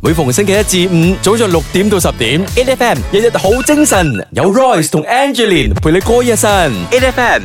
每逢星期一至五，早上六點到十點，8FM 日日好精神，有 Royce 同 Angelina 陪你歌一晨，8FM